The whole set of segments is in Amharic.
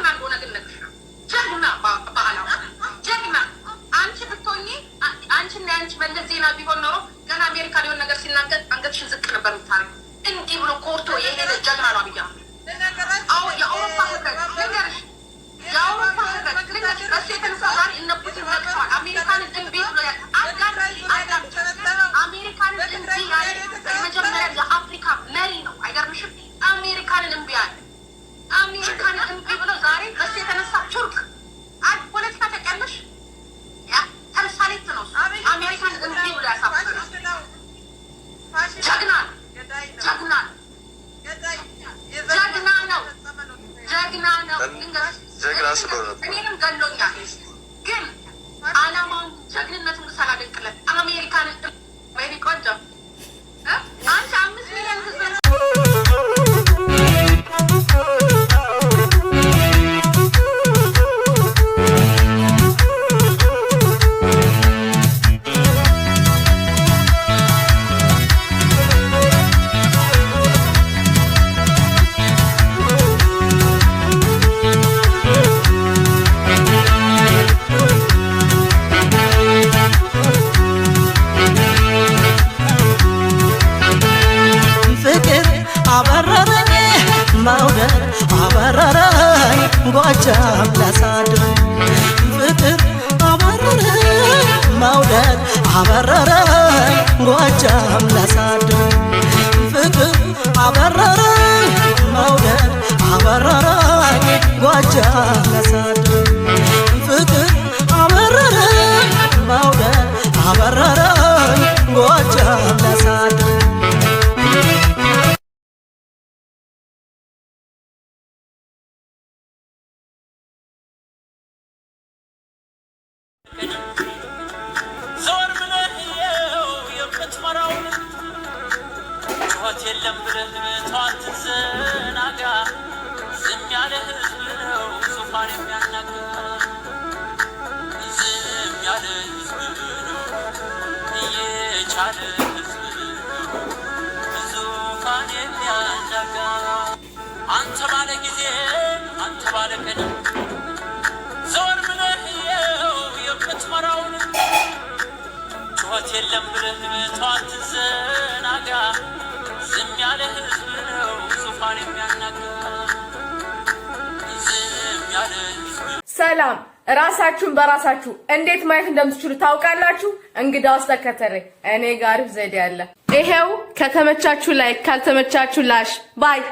ጀግና እንደሆነ ግን ነግሬሻለሁ። ጀግና በዓላማ ጀግና አንቺ ብትሆኚ አንቺና የአንቺ መለስ ዜናዊ ቢሆን ኖሮ ገና አሜሪካ ሊሆን ነገር ሲናገር አንገትሽን ዝቅ ነበር የምታደርጊው። እንዲህ ብሎ ኮርቶ የሄደ ጀግና ነው አብይ አህመድ። የአውሮፓ ህብረት ልንገርሽ፣ የአውሮፓ ህብረት ልንገርሽ፣ በሱ የተነሳ ዛሬ እነ ፑቲን ነቅተዋል። አሜሪካንን እንቢ ብሎ አሜሪካንን እንቢ ያለ የመጀመሪያ የአፍሪካ መሪ ነው። አይገርምሽም? አሜሪካንን እንቢ ያለ አሜሪካን እምቢ ብሎ ዛሬ በሱ የተነሳ ቱርክ ፖለቲካ ተቀለሽ ተርሳሌት ነው። አሜሪካን እምቢ ብሎ ያሳፍራል። ጀግና ነው። ጀግና ነው። ጀግና ነው። ጀግና ነው። እኔንም ገሎኛል፣ ግን አላማውን ጀግንነቱን ሳላደንቅለት አሜሪካን ቆንጆ አንቺ አምስት ሚሊዮን ህዝብ ዘወር ብለህ የምትመራውን ጩኸት የለም ብለህ ተዋት ዘናጋ ዝም ያለ ህዝብ ነው ዙፋን ዝም ያለ ህዝብ ነው እየቻለ ዙፋን የሚያናጋ አንተ ባለ ጊዜ አንተ ባለ ቀደም ሕይወት የለም ብለን ቷት ዘናጋ ዝም ያለ ሕዝብ ነው ዙፋን የሚያናጋ ዝም ያለ ሰላም ራሳችሁን በራሳችሁ እንዴት ማየት እንደምትችሉ ታውቃላችሁ። እንግዳ ውስጥ ተከተለኝ፣ እኔ ጋር አሪፍ ዘዴ አለ። ይሄው ከተመቻችሁ ላይ ካልተመቻችሁ ላሽ ባይ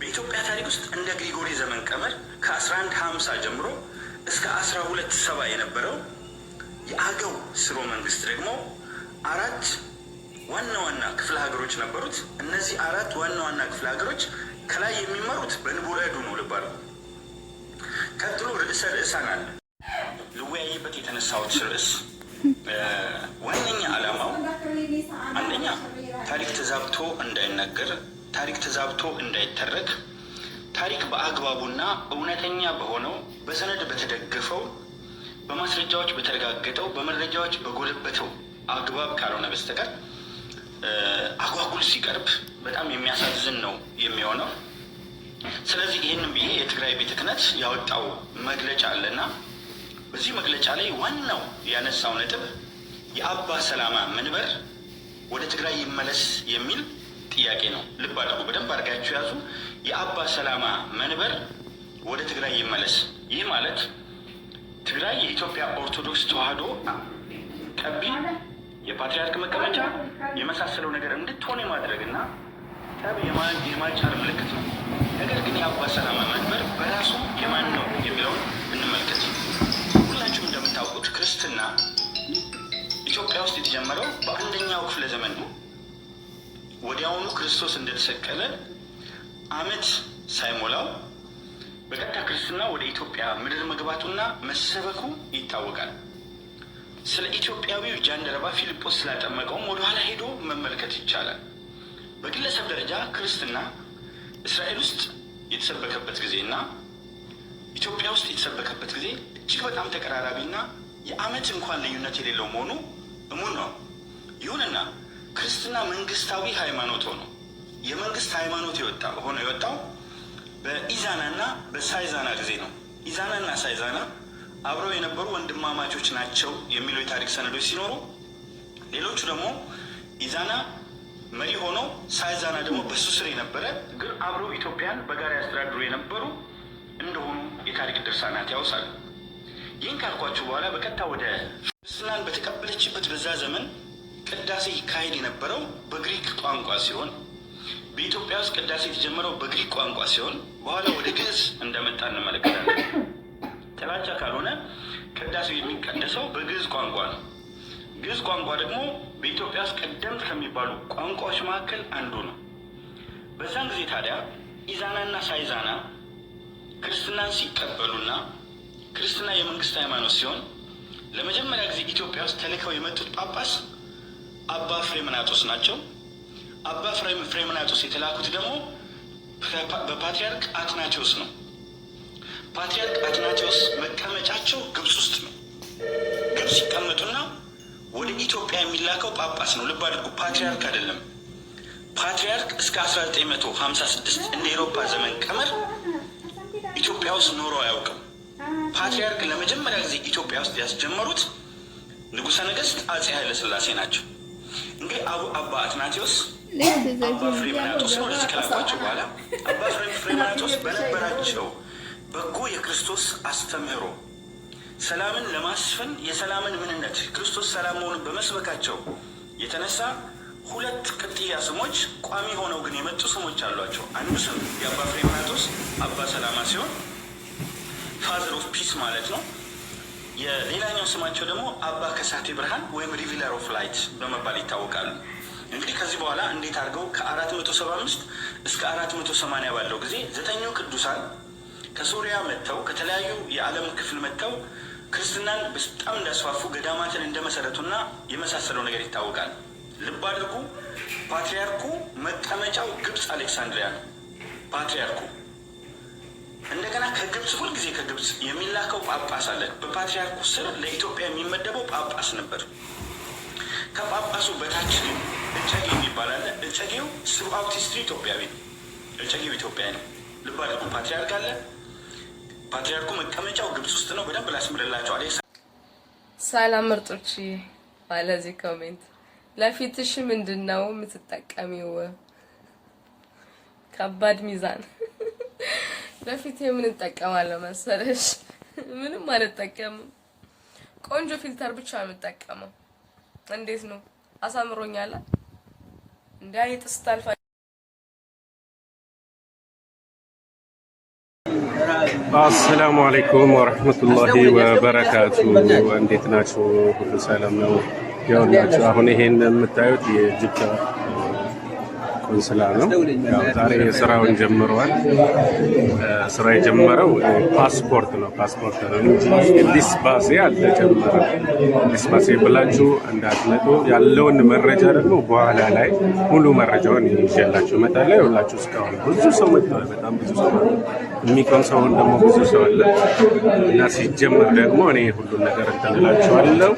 በኢትዮጵያ ታሪክ ውስጥ እንደ ግሪጎሪ ዘመን ቀመር ከ1150 ጀምሮ እስከ 127 የነበረው የአገው ስሮ መንግስት ደግሞ አራት ዋና ዋና ክፍለ ሀገሮች ነበሩት። እነዚህ አራት ዋና ዋና ክፍለ ሀገሮች ከላይ የሚመሩት በንቡረዱ ነው ልባሉ። ቀጥሎ ርዕሰ ርዕሳን አለ። ልወያይበት የተነሳሁት ርዕስ ዋነኛ ዓላማው አንደኛ ታሪክ ተዛብቶ እንዳይነገር፣ ታሪክ ተዛብቶ እንዳይተረክ ታሪክ በአግባቡና እውነተኛ በሆነው በሰነድ በተደገፈው በማስረጃዎች በተረጋገጠው በመረጃዎች በጎለበተው አግባብ ካልሆነ በስተቀር አጓጉል ሲቀርብ በጣም የሚያሳዝን ነው የሚሆነው። ስለዚህ ይህንን ብዬ የትግራይ ቤተ ክህነት ያወጣው መግለጫ አለና በዚህ መግለጫ ላይ ዋናው ያነሳው ነጥብ የአባ ሰላማ መንበር ወደ ትግራይ ይመለስ የሚል ጥያቄ ነው። ልብ አድርጉ፣ በደንብ አድርጋችሁ ያዙ። የአባ ሰላማ መንበር ወደ ትግራይ ይመለስ። ይህ ማለት ትግራይ የኢትዮጵያ ኦርቶዶክስ ተዋህዶ ቀቢ የፓትሪያርክ መቀመጫ የመሳሰለው ነገር እንድትሆን የማድረግ እና ጠብ የማጫር ምልክት ነው። ነገር ግን የአባ ሰላማ መንበር በራሱ የማን ነው የሚለውን እንመልከት። ሁላችሁም እንደምታውቁት ክርስትና ኢትዮጵያ ውስጥ የተጀመረው በአንደኛው ክፍለ ዘመን ነው። ወዲያውኑ ክርስቶስ እንደተሰቀለ ዓመት ሳይሞላው በቀጥታ ክርስትና ወደ ኢትዮጵያ ምድር መግባቱና መሰበኩ ይታወቃል። ስለ ኢትዮጵያዊው ጃንደረባ ፊልጶስ ስላጠመቀውም ወደኋላ ሄዶ መመልከት ይቻላል። በግለሰብ ደረጃ ክርስትና እስራኤል ውስጥ የተሰበከበት ጊዜና ኢትዮጵያ ውስጥ የተሰበከበት ጊዜ እጅግ በጣም ተቀራራቢና የዓመት እንኳን ልዩነት የሌለው መሆኑ እሙን ነው። ይሁንና ክርስትና መንግስታዊ ሃይማኖት ሆኖ የመንግስት ሃይማኖት የወጣ ሆኖ የወጣው በኢዛናና በሳይዛና ጊዜ ነው። ኢዛናና ሳይዛና አብረው የነበሩ ወንድማማቾች ናቸው የሚሉ የታሪክ ሰነዶች ሲኖሩ፣ ሌሎቹ ደግሞ ኢዛና መሪ ሆኖ ሳይዛና ደግሞ በሱ ስር የነበረ ግን አብረው ኢትዮጵያን በጋራ ያስተዳድሩ የነበሩ እንደሆኑ የታሪክ ድርሳናት ያውሳሉ። ይህን ካልኳችሁ በኋላ በቀጥታ ወደ ክርስትናን በተቀበለችበት በዛ ዘመን ቅዳሴ ይካሄድ የነበረው በግሪክ ቋንቋ ሲሆን በኢትዮጵያ ውስጥ ቅዳሴ የተጀመረው በግሪክ ቋንቋ ሲሆን በኋላ ወደ ግዕዝ እንደመጣ እንመለከታለን። ጥላቻ ካልሆነ ቅዳሴው የሚቀደሰው በግዕዝ ቋንቋ ነው። ግዕዝ ቋንቋ ደግሞ በኢትዮጵያ ውስጥ ቀደምት ከሚባሉ ቋንቋዎች መካከል አንዱ ነው። በዛን ጊዜ ታዲያ ኢዛናና ሳይዛና ክርስትናን ሲቀበሉና ክርስትና የመንግስት ሃይማኖት ሲሆን ለመጀመሪያ ጊዜ ኢትዮጵያ ውስጥ ተልከው የመጡት ጳጳስ አባ ፍሬምናጦስ ናቸው። አባ ፍሬምናጦስ የተላኩት ደግሞ በፓትሪያርክ አትናቴዎስ ነው። ፓትሪያርክ አትናቴዎስ መቀመጫቸው ግብፅ ውስጥ ነው። ግብፅ ሲቀመጡና ወደ ኢትዮጵያ የሚላከው ጳጳስ ነው። ልብ አድርጉ፣ ፓትርያርክ አይደለም። ፓትሪያርክ እስከ 1956 እንደ ኤሮፓ ዘመን ቀመር ኢትዮጵያ ውስጥ ኖሮ አያውቅም። ፓትሪያርክ ለመጀመሪያ ጊዜ ኢትዮጵያ ውስጥ ያስጀመሩት ንጉሠ ነገሥት አጼ ኃይለ ሥላሴ ናቸው። እንግዲህ አቡ አባ አትናቴዎስ አባ ፍሬምናጦስ ነው እዚህ ከላኳቸው በኋላ አባ ፍሬምናጦስ በነበራቸው በጎ የክርስቶስ አስተምህሮ ሰላምን ለማስፈን የሰላምን ምንነት ክርስቶስ ሰላም መሆኑን በመስበካቸው የተነሳ ሁለት ቅጥያ ስሞች ቋሚ ሆነው ግን የመጡ ስሞች አሏቸው። አንዱ ስም የአባ ፍሬምናጦስ አባ ሰላማ ሲሆን ፋዘር ኦፍ ፒስ ማለት ነው። የሌላኛው ስማቸው ደግሞ አባ ከሳቴ ብርሃን ወይም ሪቪለር ኦፍ ላይት በመባል ይታወቃሉ። እንግዲህ ከዚህ በኋላ እንዴት አድርገው ከ475 እስከ 480 ባለው ጊዜ ዘጠኙ ቅዱሳን ከሱሪያ መጥተው ከተለያዩ የዓለም ክፍል መጥተው ክርስትናን በጣም እንዳስፋፉ ገዳማትን እንደመሰረቱና የመሳሰለው ነገር ይታወቃል። ልብ አድርጉ፣ ፓትሪያርኩ መቀመጫው ግብፅ አሌክሳንድሪያ ነው። ፓትሪያርኩ እንደገና ከግብፅ ሁልጊዜ ከግብፅ የሚላከው ጳጳስ አለ። በፓትሪያርኩ ስር ለኢትዮጵያ የሚመደበው ጳጳስ ነበር። ከጳጳሱ በታች ግን እጨጌ የሚባል አለ። እጨጌው ስብአት ሂስትሪ ኢትዮጵያዊ ነው። እጨጌው ኢትዮጵያ ነው። ልብ አድርጉ። ፓትሪያርክ አለ። ፓትሪያርኩ መቀመጫው ግብፅ ውስጥ ነው። በደንብ ላስምርላቸዋል። ሰላም ምርጦች፣ ባለዚህ ኮሜንት ለፊትሽ ምንድን ነው የምትጠቀሚው? ከባድ ሚዛን ለፊቴ ምን እጠቀማለሁ መሰለሽ? ምንም አልጠቀምም። ቆንጆ ፊልተር ብቻ ነው የምጠቀመው። እንዴት ነው አሳምሮኛል። እንደ አይጥ ስታልፋ አሰላሙ አለይኩም ወረህመቱላሂ ወበረካቱ። እንዴት ናችሁ? ሁሉ ሰላም ነው ያውላችሁ። አሁን ይሄን የምታዩት የጅዳ ቆንስላ ነው። ዛሬ ስራውን ጀምረዋል። ስራ የጀመረው ፓስፖርት ነው። ፓስፖርት ነው እንጂ ዲስባሴ አልተጀመረ። ዲስባሴ ብላችሁ እንዳትመጡ። ያለውን መረጃ ደግሞ በኋላ ላይ ሙሉ መረጃውን ይዤላችሁ እመጣለሁ። ይኸውላችሁ እስካሁን ብዙ ሰው መጥተዋል። በጣም ብዙ ሰው የሚቆም ሰውን ደግሞ ብዙ ሰው አለ እና ሲጀመር ደግሞ እኔ ሁሉን ነገር እንትን እላችኋለሁ።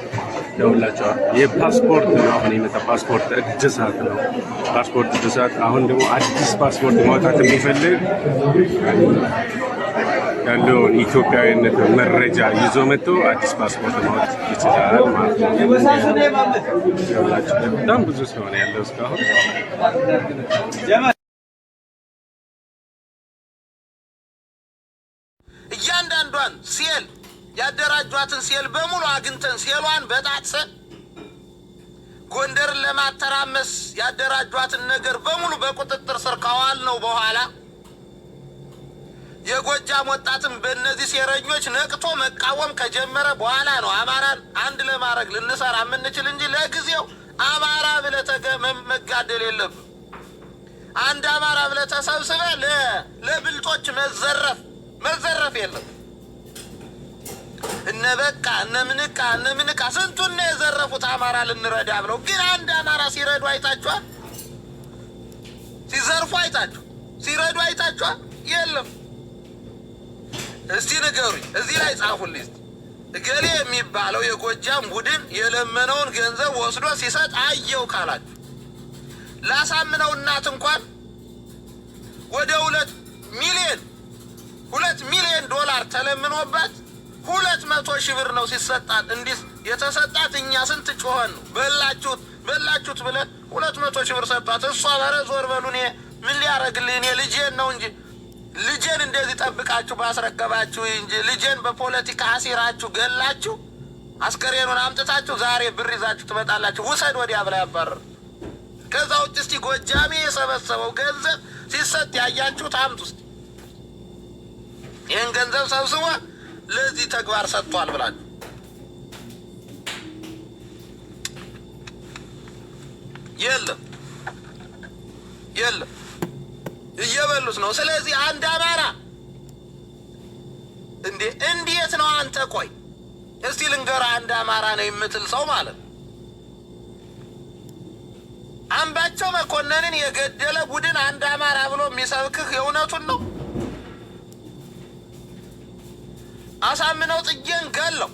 ደውላቸዋል። የፓስፖርት ነው አሁን የመጣ ፓስፖርት እድሳት ነው። ፓስፖርት እድሳት አሁን ደግሞ አዲስ ፓስፖርት ማውጣት የሚፈልግ ያለውን ኢትዮጵያዊነት መረጃ ይዞ መጥቶ አዲስ ፓስፖርት ማውጣት ይችላል ማለት ነው። በጣም ብዙ ስለሆነ ያለው እስካሁን እያንዳንዷን ሲል ያደራጇትን ሴል በሙሉ አግኝተን ሴሏን በጣጥሰን ጎንደርን ለማተራመስ ያደራጇትን ነገር በሙሉ በቁጥጥር ስር ካዋል ነው በኋላ የጎጃም ወጣትን በእነዚህ ሴረኞች ነቅቶ መቃወም ከጀመረ በኋላ ነው አማራን አንድ ለማድረግ ልንሰራ የምንችል እንጂ ለጊዜው አማራ ብለህ መጋደል የለብም። አንድ አማራ ብለህ ተሰብስበህ ለብልጦች መዘረፍ መዘረፍ የለም። እነ በቃ እነ ምንቃ እነ ምንቃ ስንቱን ነው የዘረፉት። አማራ ልንረዳ ብለው ግን አንድ አማራ ሲረዱ አይታችኋል? ሲዘርፉ አይታችሁ ሲረዱ አይታችኋል? የለም። እስቲ ንገሩኝ፣ እዚህ ላይ ጻፉልኝ። እገሌ የሚባለው የጎጃም ቡድን የለመነውን ገንዘብ ወስዶ ሲሰጥ አየው ካላችሁ ላሳምነው እናት እንኳን ወደ ሁለት ሚሊዮን ሁለት ሚሊዮን ዶላር ተለምኖባት ሁለት መቶ ሺህ ብር ነው ሲሰጣት እንዲህ የተሰጣት። እኛ ስንት ጮኸን ነው በላችሁት በላችሁት ብለን ሁለት መቶ ሺህ ብር ሰጣት እሷ ኧረ ዞር በሉ እኔ ምን ሊያረግልህ እኔ ልጄን ነው እንጂ ልጄን እንደዚህ ጠብቃችሁ ባስረከባችሁ እንጂ ልጄን በፖለቲካ አሲራችሁ ገላችሁ አስከሬኑን አምጥታችሁ ዛሬ ብር ይዛችሁ ትመጣላችሁ። ውሰድ ወዲያ ብላ ያባረር። ከዛ ውጭ እስቲ ጎጃሜ የሰበሰበው ገንዘብ ሲሰጥ ያያችሁት አምጡ። እስቲ ይህን ገንዘብ ሰብስቧል። ለዚህ ተግባር ሰጥቷል ብላል። የለም የለም እየበሉት ነው። ስለዚህ አንድ አማራ እንዴ እንዴት ነው አንተ? ቆይ እስቲ ልንገራ፣ አንድ አማራ ነው የምትል ሰው ማለት ነው አምባቸው መኮንንን የገደለ ቡድን አንድ አማራ ብሎ የሚሰብክህ የእውነቱን ነው? አሳምነው ጽጌን ገለው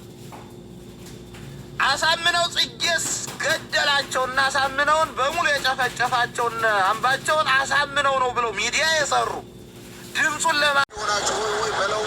አሳምነው ጽጌስ ገደላቸውና አሳምነውን በሙሉ የጨፈጨፋቸውን አንባቸውን አሳምነው ነው ብለው ሚዲያ የሰሩ ድምፁን ለማ ሆናቸው ወይ በለው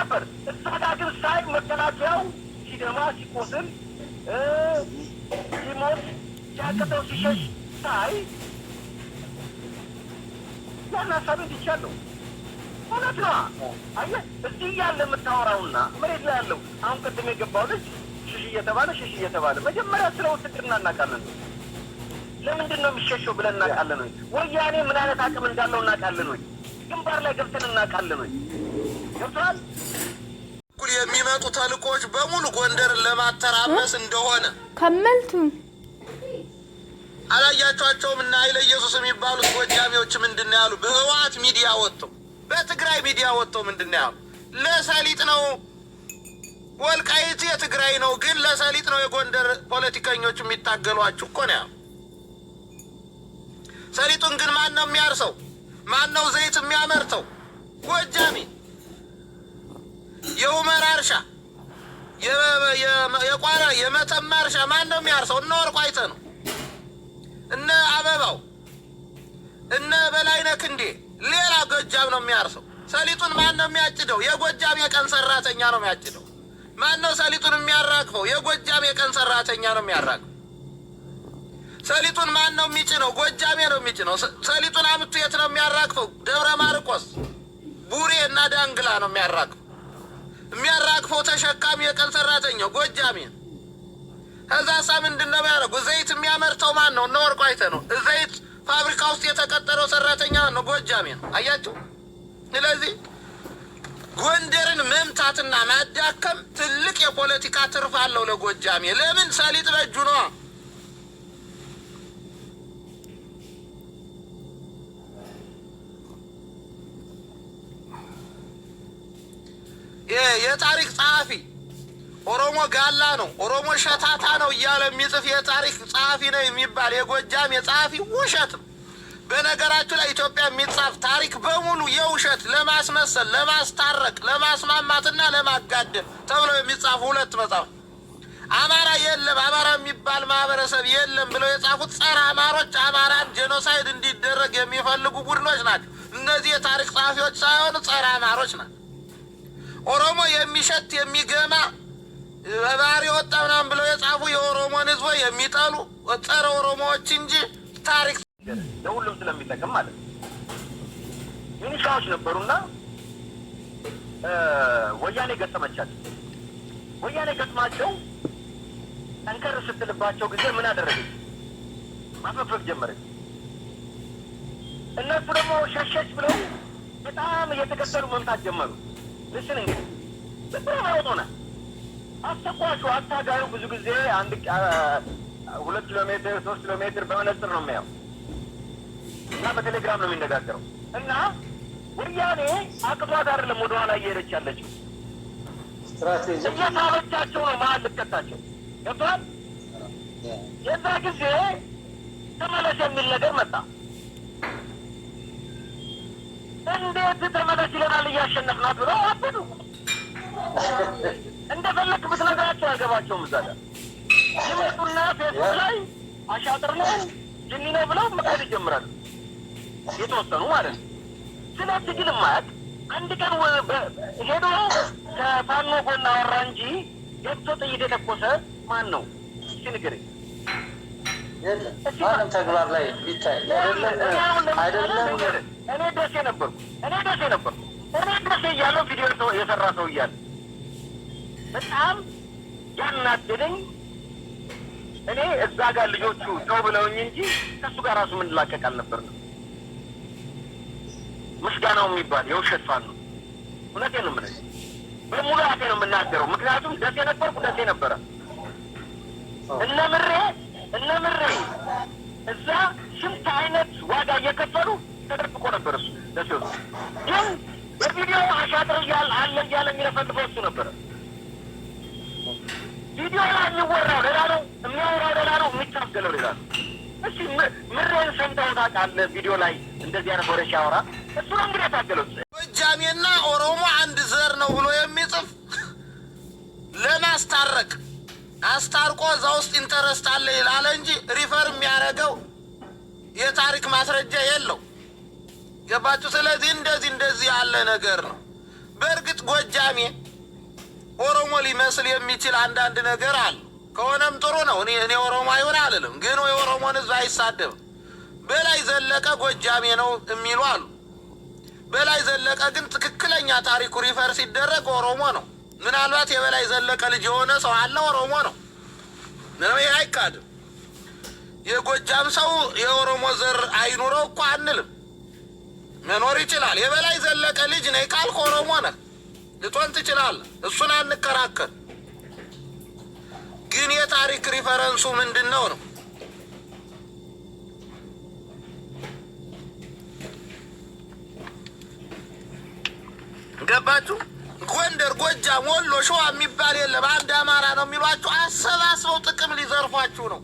ነበር። እዛ ጋር ግን ሳይ መከላከያው ሲደማ፣ ሲቆስል፣ ሲሞት፣ ሲያቅተው፣ ሲሸሽ ሳይ ያን ሀሳቤ እንዲቻለሁ እውነት ነ አየ እዚህ ያለ የምታወራውና መሬት ላይ ያለው አሁን ቅድም የገባው ልጅ ሽሽ እየተባለ ሽሽ እየተባለ መጀመሪያ ስለ ውትድርና እናውቃለን። ለምንድን ነው የሚሸሸው ብለን እናውቃለን ወይ? ወያኔ ምን አይነት አቅም እንዳለው እናውቃለን ወይ? ግንባር ላይ ገብተን እናውቃለን ወይ? ገብተዋል የሚመጡ ተልእኮዎች በሙሉ ጎንደርን ለማተራመስ እንደሆነ ከመልቱ አላያቸዋቸውም። እና ኃይለ ኢየሱስ የሚባሉት ጎጃሚዎች ምንድን ያሉ? በህወሓት ሚዲያ ወጥተው በትግራይ ሚዲያ ወጥተው ምንድን ያሉ? ለሰሊጥ ነው ወልቃይት የትግራይ ነው፣ ግን ለሰሊጥ ነው የጎንደር ፖለቲከኞች የሚታገሏችሁ እኮ ነው ያሉ። ሰሊጡን ግን ማን ነው የሚያርሰው? ማን ነው ዘይት የሚያመርተው? ጎጃሚ የኡመር እርሻ የቋራ የመተማ እርሻ ማን ነው የሚያርሰው? እነ ወርቁ አይተ ነው እነ አበባው እነ በላይነ ክንዴ ሌላ ጎጃም ነው የሚያርሰው። ሰሊጡን ማን ነው የሚያጭደው? የጎጃም የቀን ሰራተኛ ነው የሚያጭደው። ማን ነው ሰሊጡን የሚያራግፈው? የጎጃም የቀን ሰራተኛ ነው የሚያራግፈው። ሰሊጡን ማን ነው የሚጭነው? ጎጃሜ ነው የሚጭነው። ሰሊጡን አምቱ የት ነው የሚያራግፈው? ደብረ ማርቆስ ቡሬ እና ዳንግላ ነው የሚያራግፈው። የሚያራግፈው ተሸካሚ የቀን ሰራተኛው ጎጃሚ። ከዛ ሳ ምንድን ነው የሚያደርጉት? ዘይት የሚያመርተው ማን ነው? እነ ወርቁ አይተ ነው። ዘይት ፋብሪካ ውስጥ የተቀጠረው ሰራተኛ ማን ነው? አያችሁ። ስለዚህ ጎንደርን መምታትና ማዳከም ትልቅ የፖለቲካ ትርፍ አለው ለጎጃሜ። ለምን ሰሊጥ በእጁ ነዋ። የታሪክ ጸሐፊ ኦሮሞ ጋላ ነው፣ ኦሮሞ ሸታታ ነው እያለ የሚጽፍ የታሪክ ጸሐፊ ነው የሚባል የጎጃም የጸሐፊ ውሸት ነው። በነገራችሁ ላይ ኢትዮጵያ የሚጻፍ ታሪክ በሙሉ የውሸት ለማስመሰል፣ ለማስታረቅ፣ ለማስማማትና ለማጋደል ተብለው የሚጻፉ ሁለት መጽሐፍ አማራ የለም አማራ የሚባል ማህበረሰብ የለም ብለው የጻፉት ጸረ አማሮች አማራን ጄኖሳይድ እንዲደረግ የሚፈልጉ ቡድኖች ናቸው። እነዚህ የታሪክ ጸሐፊዎች ሳይሆኑ ጸረ አማሮች ናቸው። ኦሮሞ የሚሸት የሚገማ በባህሪ ወጣ ምናምን ብለው የጻፉ የኦሮሞን ህዝቦ የሚጠሉ ጸረ ኦሮሞዎች እንጂ ታሪክ ለሁሉም ስለሚጠቅም ማለት ነው። ሚኒሻዎች ነበሩና ወያኔ ገጠመቻቸው። ወያኔ ገጥማቸው ጠንከር ስትልባቸው ጊዜ ምን አደረገች? ማፈግፈግ ጀመረች። እነሱ ደግሞ ሸሸች ብለው በጣም እየተከተሉ መምታት ጀመሩ። ልስን እንግዲህ ብትረመረጥ ሆነ አስተኳሹ አታጋዩ ብዙ ጊዜ አንድ ሁለት ኪሎ ሜትር ሶስት ኪሎ ሜትር በመነጽር ነው የሚያው እና በቴሌግራም ነው የሚነጋገረው እና ወያኔ አቅቷት አይደለም ወደኋላ እየሄደች ያለችው እየሳበቻቸው ነው መሀል ልትከታቸው ገብቷል የዛ ጊዜ ተመለሰ የሚል ነገር መጣ እንዴት ተመለስ ይለናል እያሸነፍናት ብለው አበዱ። እንደፈለክ ብትነግራቸው አልገባቸውም። እዛ ጋር ፌስቡክ ላይ አሻጥር ነው ጅኒ ነው ብለው መካድ ይጀምራሉ። የተወሰኑ ማለት ነው። ስለ ትግል ማያት አንድ ቀን ሄዶ ከፋኖ ጎን አወራ እንጂ ገብቶ ጥይት የተኮሰ ማን ነው? እስኪ ንገረኝ። ማንም ተግባር ላይ ቢታይ አይደለም። እኔ ደሴ ነበርኩ፣ እኔ ደሴ ነበርኩ፣ እኔ ደሴ እያለው ቪዲዮ የሰራ ሰው እያለ በጣም ያናደደኝ እኔ እዛ ጋር ልጆቹ ተው ብለውኝ እንጂ ከእሱ ጋር ራሱ የምንላቀቅ አልነበርንም። ምስጋናው የሚባል የውሸት ፋን ነው። እውነቴን ነው የምልህ፣ በሙሉ አፌ ነው የምናገረው። ምክንያቱም ደሴ ነበርኩ፣ ደሴ ነበረ እነ ምሬ እነምሬ እዛ ስንት አይነት ዋጋ እየከፈሉ ተደብቆ ነበር። እሱ ደሴ ግን በቪዲዮ አሻጥር እያለ አለ እያለ የሚለፈልፈው እሱ ነበረ። ቪዲዮ ላይ የሚወራው ሌላ ነው፣ የሚያወራው ሌላ ነው፣ የሚታገለው ሌላ ነው። እሺ ምሬን ሰምተው ታውቃለህ? ቪዲዮ ላይ እንደዚህ አይነት ወሬ ሲያወራ እሱ ነው እንግዲህ የታገለው። ጎጃሜና ኦሮሞ አንድ ዘር ነው ብሎ የሚጽፍ ለማስታረቅ አስታርቆ እዛ ውስጥ ኢንተረስት አለ ይላል እንጂ ሪፈር የሚያደርገው የታሪክ ማስረጃ የለው። ገባችሁ? ስለዚህ እንደዚህ እንደዚህ ያለ ነገር ነው። በእርግጥ ጎጃሜ ኦሮሞ ሊመስል የሚችል አንዳንድ ነገር አለ። ከሆነም ጥሩ ነው። እኔ ኦሮሞ አይሆን አልልም፣ ግን የኦሮሞን ህዝብ አይሳደብም። በላይ ዘለቀ ጎጃሜ ነው የሚሉ አሉ። በላይ ዘለቀ ግን ትክክለኛ ታሪኩ ሪፈር ሲደረግ ኦሮሞ ነው። ምናልባት የበላይ ዘለቀ ልጅ የሆነ ሰው አለ። ኦሮሞ ነው፣ ምንም ይሄ አይካድም። የጎጃም ሰው የኦሮሞ ዘር አይኑረው እኮ አንልም፣ መኖር ይችላል። የበላይ ዘለቀ ልጅ ነ ቃል ኦሮሞ ነ ልትሆን ትችላለህ። እሱን አንከራከር። ግን የታሪክ ሪፈረንሱ ምንድን ነው ነው ገባችሁ? ጎንደር፣ ጎጃም፣ ወሎ፣ ሸዋ የሚባል የለም። አንድ አማራ ነው የሚሏችሁ አሰባስበው ጥቅም ሊዘርፏችሁ ነው።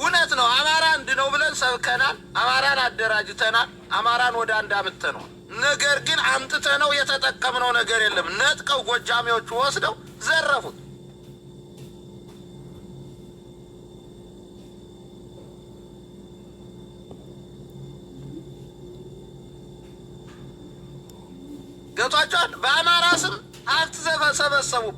እውነት ነው። አማራ አንድ ነው ብለን ሰብከናል። አማራን አደራጅተናል። አማራን ወደ አንድ አምጥተነዋል። ነገር ግን አምጥተነው የተጠቀምነው ነገር የለም። ነጥቀው ጎጃሜዎቹ ወስደው ዘረፉት። ገጧቸዋል። በአማራ ስም ሀብት ሰበሰቡብን፣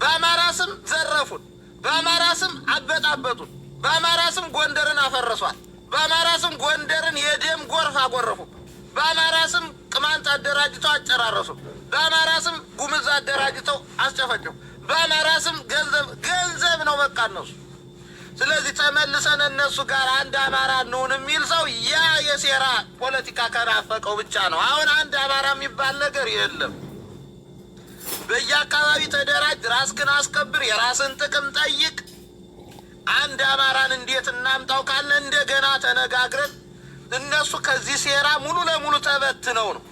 በአማራ ስም ዘረፉን፣ በአማራ ስም አበጣበጡን፣ በአማራ ስም ጎንደርን አፈረሷል፣ በአማራ ስም ጎንደርን የደም ጎርፍ አጎረፉ፣ በአማራ ስም ቅማንት አደራጅተው አጨራረሱ፣ በአማራ ስም ጉምዝ አደራጅተው አስጨፈጨፉ፣ በአማራ ስም ገንዘብ ገንዘብ ነው በቃ እነሱ ስለዚህ ተመልሰን እነሱ ጋር አንድ አማራ እንሆን የሚል ሰው ያ የሴራ ፖለቲካ ከናፈቀው ብቻ ነው። አሁን አንድ አማራ የሚባል ነገር የለም። በየአካባቢ ተደራጅ፣ ራስክን አስከብር፣ የራስን ጥቅም ጠይቅ። አንድ አማራን እንዴት እናምጣው ካለ እንደገና ተነጋግረን እነሱ ከዚህ ሴራ ሙሉ ለሙሉ ተበትነው ነው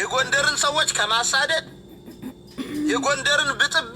የጎንደርን ሰዎች ከማሳደድ የጎንደርን ብጥብ